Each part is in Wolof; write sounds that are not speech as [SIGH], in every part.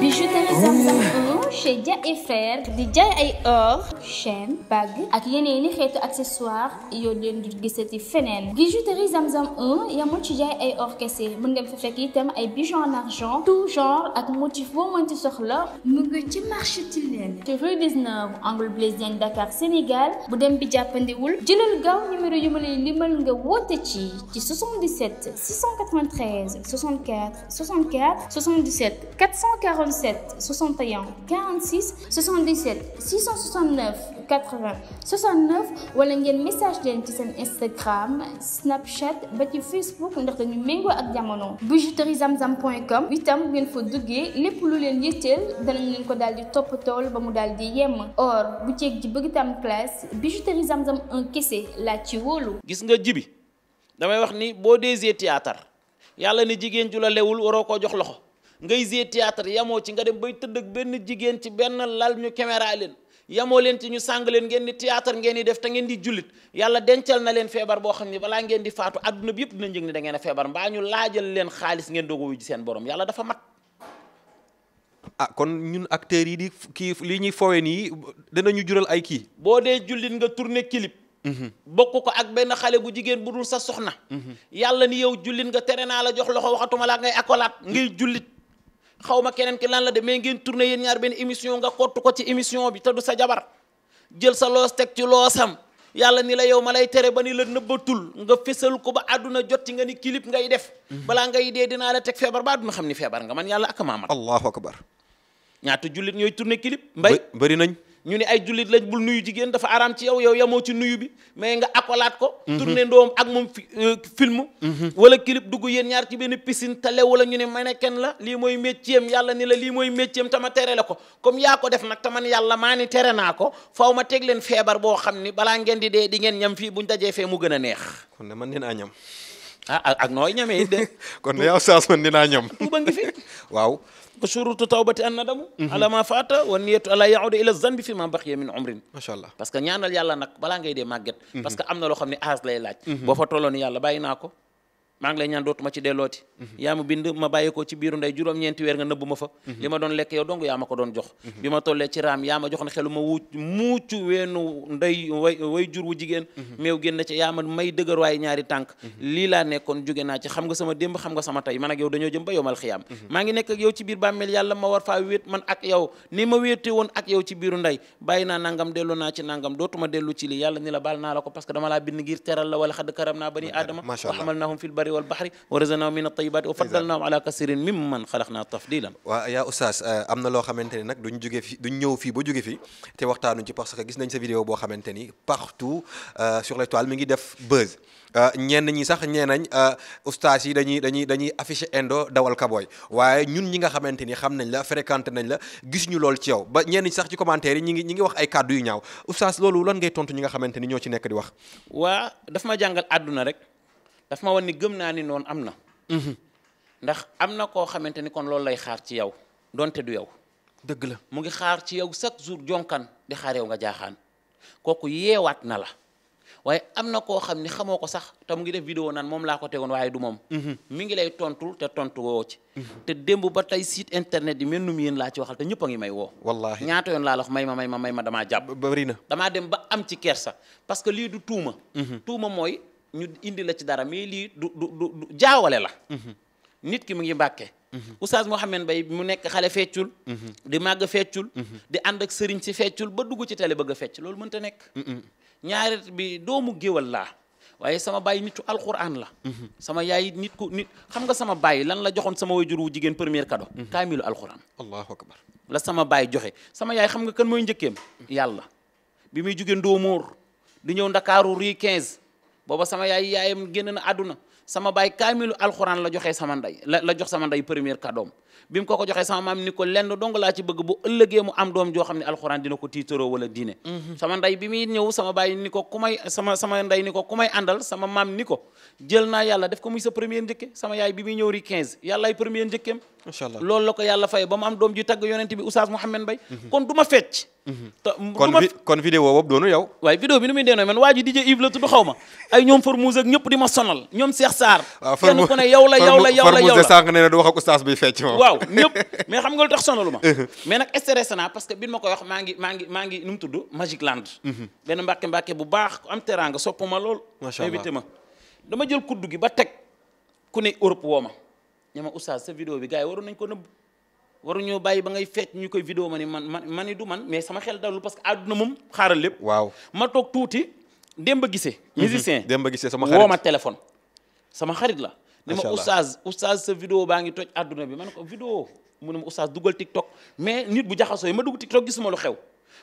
Bijouterie Sam Sam chez Dia di jaay ay or chaîne bague ak yeneen i xeetu accessoire yoo leen di gisati feneen bijouterie Zamzam 1 yamul ci jaay ay or kese mën nga fa fekk itam ay bijoux en argent tout genre ak motif boo mënti soxla mu ngi ci marché Tilène ci rue 19 angle Blaise Diagne Dakar Sénégal bu dem bi jàppandiwul jëlal gaaw numéro yu ma lay limal nga woote ci ci 77 693 64 64 77 447 61 46 77 669 80 69 wala ngeen message leen ci seen Instagram Snapchat ba ci Facebook ndax dañu méngoo ak jamono. bijouterie zamzam point com itam ngeen fa duggee lépp lu leen yitteel danañ leen ko daal di toppatool ba mu daal di yemm bu boutique ji bëgg tam classe bijouterie zamzam un kese laa ci wóolu. gis nga jibi damay wax ni boo désee théâtre yàlla ne jigéen ju la lewul waroo koo jox loxo. ngay gisee théâtre yamoo ci nga dem bay tëdd ak benn jigéen ci benn lal ñu caméra leen yamoo leen ci ñu sàng leen ngeen di théâtre ngeen di def te ngeen di jullit yàlla dencal na leen feebar boo xam ni balaa ngeen di faatu adduna bi yëpp dina njëg ni da ngeen a feebar leen xaalis ngeen doog a wuyu seen borom yàlla dafa mat. ah kon ñun acteurs yi di kii li ñuy fowe nii ñu jural ay kii. boo dee jullit nga tourné clip. Mhm. bokk ko ak benn xale bu jigéen bu dul sa soxna. Mhm. yàlla ni yow jullit nga tere naa la jox loxo waxatuma xaw ma keneen ki lan la de mais ngeen tourné yéen ñaar benn émission nga kottu ko ci émission bi te du sa jabar jël sa loos teg ci loosam yàlla ni la yow ma lay tere ba ni la nëbbatul nga fésal ko ba àdduna jot ci nga ni clip ngay def mhm. balaa ngay dee dinaa la teg feebar ba àdduna xam ni feebar nga man yàlla ak maamat allahu akbar ñaata jullit ñooy tourné kilip mbay bari nañ ñu ne ay jullit la bul nuyu jigéen dafa araam ci yow yow yamoo ci nuyu bi mais nga akolaat ko mhm. tourné ndoom ak moom euh, film mhm. wala clip dugg yéen ñaar ci benn piscine te lew la ñu ne mannequin la lii mooy métier am yàlla ni la liimoy mooy métier tama tere la ko comme yaa ko def nag te man yàlla maa ni tere naa ko faw ma teg leen feebar boo xam ni balaa ngeen di dee di ngeen ñam fii buñ dajee fee mu gën a neex kon ne man neen a ñam a ah, ak nooy ñamee it de. [LAUGHS] kon yow saas man dinaa ñam. [LAUGHS] tuuba ngi fi [LAUGHS] waaw. ba surutu tawbati an nadamu mhm. ala ma faata wa niyatu ala yahuda ila zanbi fi ma baqiya min umrin parce que ñaanal yàlla nag balaa ngay dee màgget mhm. parce que am xam ne aas lay laaj mhm. boo fa tolloon yàlla bàyyi naa ko maa ngi lay ñaan dootuma ci dellooti mhm. yaa ma bind ma bàyyi ko ci biiru ndey juróom-ñeenti weer nga nëbbu ma fa mhm. li ma doon lekk yow dong yaa ma ko doon jox mhm. bi ma tollee ci jigéen meew génn ci yaa may dëgër waaye ñaari tànk lii laa nekkoon jóge naa ci xam nga sama démb xam nga sama tey man ak yow dañoo ba yowmal xiyaam maa ngi nekk ak yow ci biir bàmmeel yàlla ma war faa wéet man ak yow ni ma wéete woon ak yow ci biiru ndey bàyyi naa nangam dellu naa ci nangam dootuma dellu ci lii yàlla ni la البر والبحر yaa oustaz euh, am na loo xamante ni nag duñ jóge fi duñ ñëw fii ba jóge fi te waxtaanuñ ci parce que gis nañ sa boo xamante ni partout euh, sur les mi ngi def buzz euh, ñenn ñi sax ñee nañ oustaz yi dañuy dañuy dañuy affiché indo dawal kabooy waaye ñun ñi nga xamante ni xam nañ la fréquenté nañ la gis ñu lool ci yow ba ñenn sax ci commentaire yi ñi ngi ñi ngi wax ay kàddu yu ñaaw oustaz loolu lan ngay tontu ñi nga xamante ni ñoo ci nekk di wax waa daf ma jàngal àdduna rek daf ma wan ni gëm naa ni noon am na. Mhm. ndax am na koo xamante ni kon loolu lay xaar ci yow donte du yow. dëgg la mu ngi xaar ci yow chaque jour jonkan di xaar yow nga jaaxaan kooku yeewaat na la waaye am na koo xam ni xamoo ko sax te mu ngi def vidéo naan moom laa ko tegoon waaye du moom. Mhm. mi ngi lay tontul te tontu woo ci. Mhm. te démb ba tey site internet yi mel ni mu laa ci waxal te ñëpp ngi may woo. wallaahi ñaata yoon laa la may ma may ma may ma damaa jàpp. bari na damaa dem ba am ci kersa. parce que lii du tuuma. mooy. ñu indi la ci dara mais lii du du du jaawale la mm-hmm. nit ki mu ngi mbàkke mm-hmm. oustaz Mouhamed Mbaye mu nekk xale feccul mm-hmm. di màgg feccul di ànd ak sëriñ si feccul ba dugg ci télé bëgg a fecc loolu mënta nekk ñaaret bi doomu géwal la waaye sama baay nitu alquran la sama yaay nit ku nit xam nga sama baay lan la joxoon sama wayjur wu jigéen premier cadeau kaamilu alquran allahu akbar la sama baay joxe sama yaay xam nga kën mooy njëkkeem yàlla bi muy jugee Ndóomóor di ñëw Ndakaaru rue 15 booba sama yaay yaayam génn na àdduna sama baay kaamilu alxuraan la joxe sama nday la la jox sama nday première kadoom bi mu ko ko joxee sama maam ni ko lenn dong laa ci bëgg bu ëllëgee mu am doom joo xam ne alxuraan dina ko tiitaroo wala diine mhm. sama ndey bi muy ñëw sama baay ni ko sama sama ndey ni ko sama maam ni jël naa yàlla def ko muy sa premier njëkke sama yaay bi muy ñëw ri 15 yàllaay premier njëkkeem incha allah loolu yàlla fay ba mu am bi fecc ma waaw ñëpp mais xam nga lu tax sonalu ma uh-huh. mais nag stressé naa parce que bi ma koy wax maa ngi maa ngi maa ngi nu mu tudd Magic Land uh-huh. benn mbàkke mbàkke bu baax ku am teraanga sopp ma lool invité ma dama jël kuddu gi ba teg ku ne Europe woo ma ña ma oustaz sa vidéo bi gars yi waroon nañ ko waru waruñoo bàyyi ba ngay fecc ñu koy vidéo ma ni man man ma ni du man mais sama xel dallu parce que àdduna moom xaaral lépp waaw ma toog tuuti Demba Gissé uh-huh. musicien Demba Gissé sama xarit woo ma sama xarit la ni ma oustaz oustaz sa vidéo baa ngi toj àdduna bi man ko vidéo mu ne ma oustaz dugal tiktok mais nit bu jaxasoo yi ma dugg tiktok gisuma lu xew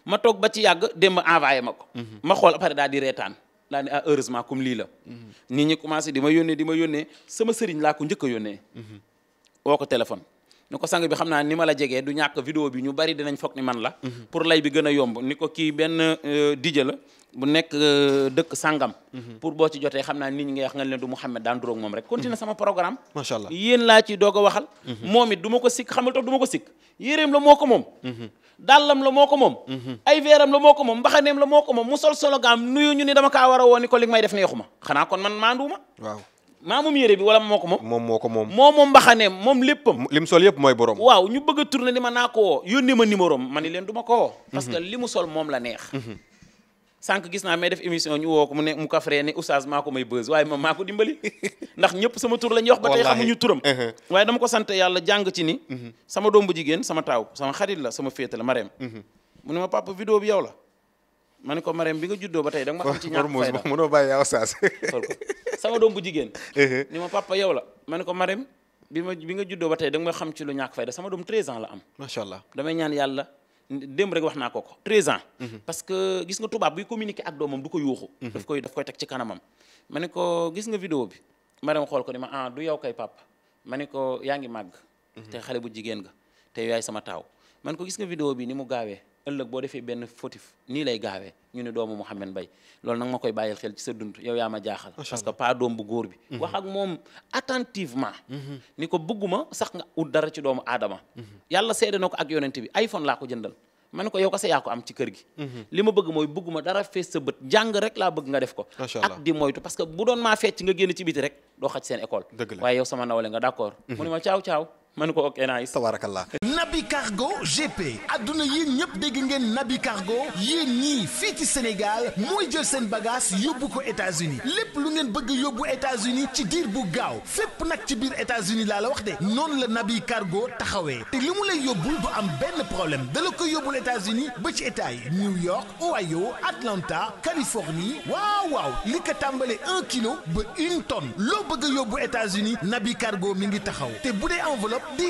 ma toog ba ci yàgg dem ma envoyé ma ko mhm. ma xool après daal di reetaan daal ne ah heureusement comme lii la mhm. nit ñi commencé di ma yónnee di ma yónnee sama sëriñ laa ko njëkk a yónnee mhm. woo ko téléphone ni ko sang bi xam na ni ma la jegee du ñàkk vidéo bi ñu bari dinañ foog ni man la mhm. pour lay bi gën a yomb ni ko kii benn euh, dija la bu nekk euh, dëkk sangam. Mhm. pour boo ci jotee xam naa nit ñi ngay wax nga leen du Mouhamed daan duróog moom rek continuer mhm. sama programme macha allah yéen laa ci doog a waxal ma ko sikk xamal tax du ma ko sikk yéreem la moo ko moom dàllam la moo ko moom ay veeram la moo ko moom mbaxaneem la moo ko moom mu sol solo gaam nuyu ñu ni dama kaa war a woo ko li may def neexuma xanaa kon man maanduuma waaw maa moom yére bi wala moo ko moom moom moo ko moom moo moom mbaxaneem moom léppam li mu sol yëpp mooy borom waaw ñu bëgg a tourné ni ma naa ko woo yónnee ma numéro am leen du ma ko woo mhm. parce que li sol moom la neex mhm. sànq gis naa may def émission ñu woo ko mu ne mu kafree ne oustaz maa ko may buzz waaye moom maa ko dimbali [LAUGHS] ndax ñëpp sama tur la ñuy wax ba tey xamuñu turam [LAUGHS] uh-huh. waaye dama ko sant yàlla jàng ci ni mhm. sama doom bu jigéen sama taaw sama xarit la sama féete la Marème mu ne ma papa vidéo bi yow la ma ne ko Marème bi nga juddoo ba tey da nga ma xam ci ñàkk fayda mënoo jigéen uh-huh. ni ma papa yow la ma ne ko Marème bi ma bi nga juddoo ba tey da nga ma xam ci lu ñàkk fayda sama doom 13 ans la am macha allah damay ñaan yàlla dem rek wax naa ko ko 13 ans uh-huh. parce que gis nga tubaab buy communiquer ak doomam du ko yuuxu uh-huh. daf koy daf koy teg ci kanamam ma ne ko gis nga vidéo bi Marème xool ko ni ma ah du yow kay papa ma ne ko yaa ngi màgg te xale bu jigéen nga te yaay sama taaw man ko gis nga video bi ni mu gaawee ëllëg boo defee benn fautif nii lay gaawee ñu ne doomu Mouhamed Mbaye loolu nag ma koy bàyyil xel ci sa dund yow yaa ma jaaxal parce que pas doom bu góor bi mhm. wax moom attentivement mhm. ni ko bëgguma sax nga ut dara ci doomu aadama mhm. yàlla seede na ko ak yonent bi iPhone laa ko jëndal man ko yow kese yaa ko am ci kër gi li bëgg mooy bëgguma dara fees sa jàng rek laa bëgg nga def ko ak di moytu parce que bu doon maa fecc nga génn ci biti rek doo Nabi Cargo GP adduna yéen ñëpp dégg ngeen Nabi Cargo yéen ñii fii ci Sénégal mooy jël seen bagage yóbbu ko états lépp lu ngeen bëgg yóbbu États-Unis ci diir bu gaaw fépp nag ci biir États-Unis laa la wax de noonu la Nabi Cargo taxawee te li mu lay yóbbul du am benn problème da la ko yóbbul États-Unis ba ci état yi New York Ohio Atlanta Californie waaw waaw li ko tàmbalee un kilo ba une tonne loo bëgg yóbbu états Nabi Cargo mi ngi taxaw te bu dee enveloppe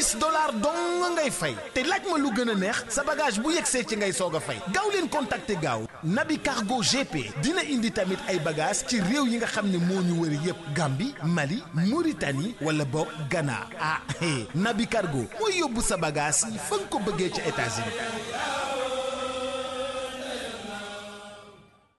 fay te laaj ma lu gën a neex sa bagage bu yegsee ci ngay soog a fay gaaw leen te gaaw Nabi Cargo GP dina indi tamit ay bagage ci réew yi nga xam ne moo ñu wër yépp Gambie Mali Mauritanie wala boog Ghana ah Nabi Cargo mooy yóbbu sa bagage yi fa ko bëggee ca états